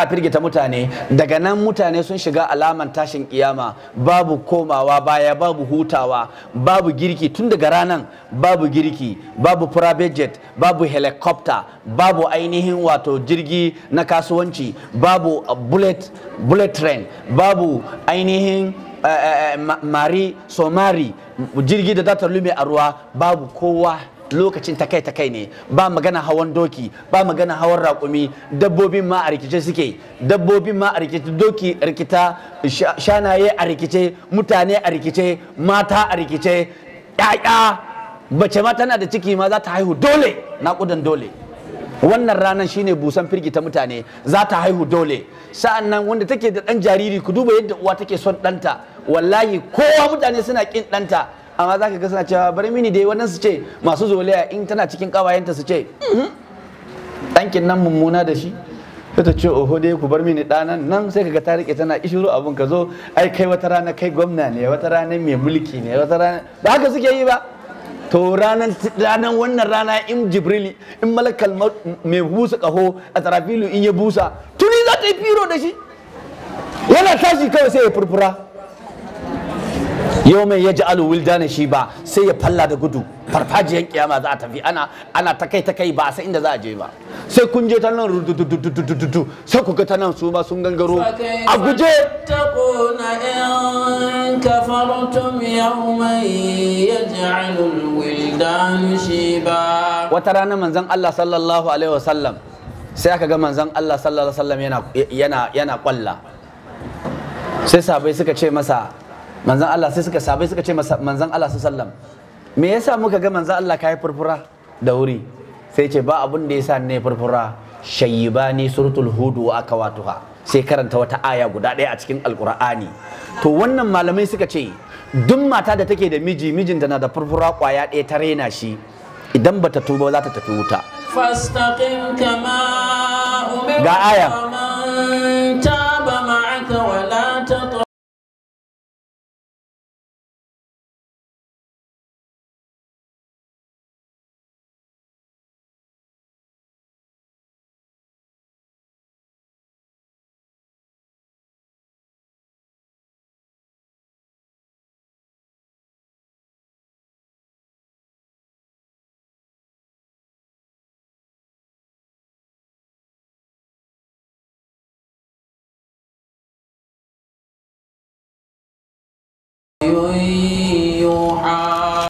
za a firgita mutane daga nan mutane sun shiga alaman tashin kiyama babu komawa baya babu hutawa babu girki tun daga ranan babu girki babu private babu helicopter babu ainihin wato jirgi na kasuwanci babu bullet, bullet train babu ainihin uh, uh, mari somari jirgi da ta lume a ruwa babu kowa lokacin ta kai ta kai ne ba magana hawan doki ba magana hawan raƙumi dabbobin ma a rikice suke dabbobin ma a rikice doki a rikita shanaye a rikice mutane a rikice mata a rikice ƴaƴa mace ma tana da ciki ma za ta haihu dole naƙudan dole wannan ranar shine busan firgita mutane za ta haihu dole sa'an nan wanda take da ɗan jariri ku duba yadda uwa take son ɗanta wallahi kowa mutane suna ƙin ɗanta amma za ka ga suna cewa bari mini dai wannan su ce masu zoliya in tana cikin kawayenta su ce mhm. ɗankin nan mummuna da shi sai ta ce oho dai ku bar mini ɗanan nan sai ka ga ta rike tana ishiru abun ka zo ai kai wata rana kai gwamna ne wata rana mai mulki ne wata rana ba haka suke yi ba to ranan wannan rana in jibril in malakal mai busa kaho a tarafilu in ya busa tuni za ta yi firo da shi yana tashi kawai sai ya furfura yau mai ya ji alwildana shi ba sai ya falla da gudu farfajiyar kiyama za a tafi ana ana ta kai ta kai ba a san inda za a je ba sai kun je ta nan rududududududu sai ku ga ta nan su ma sun gangaro a guje wata rana manzan Allah sallallahu alaihi wasallam sai aka ga manzan Allah sallallahu alaihi wasallam yana yana yana kwalla sai sabai suka ce masa manzan Allah sai suka sabai suka ce manzan Allah su sallam me yasa muka ga manzan Allah kai furfura da wuri sai ce ba abun da yasa ne furfura shayyibani suratul hudu wa akawatuha sai karanta wata aya guda ɗaya a cikin Alqur'ani. to wannan malamai suka ce duk mata da take da miji mijinta na da furfura kwaya ɗaya ta rena shi idan bata tuba za ta tafi wuta ga aya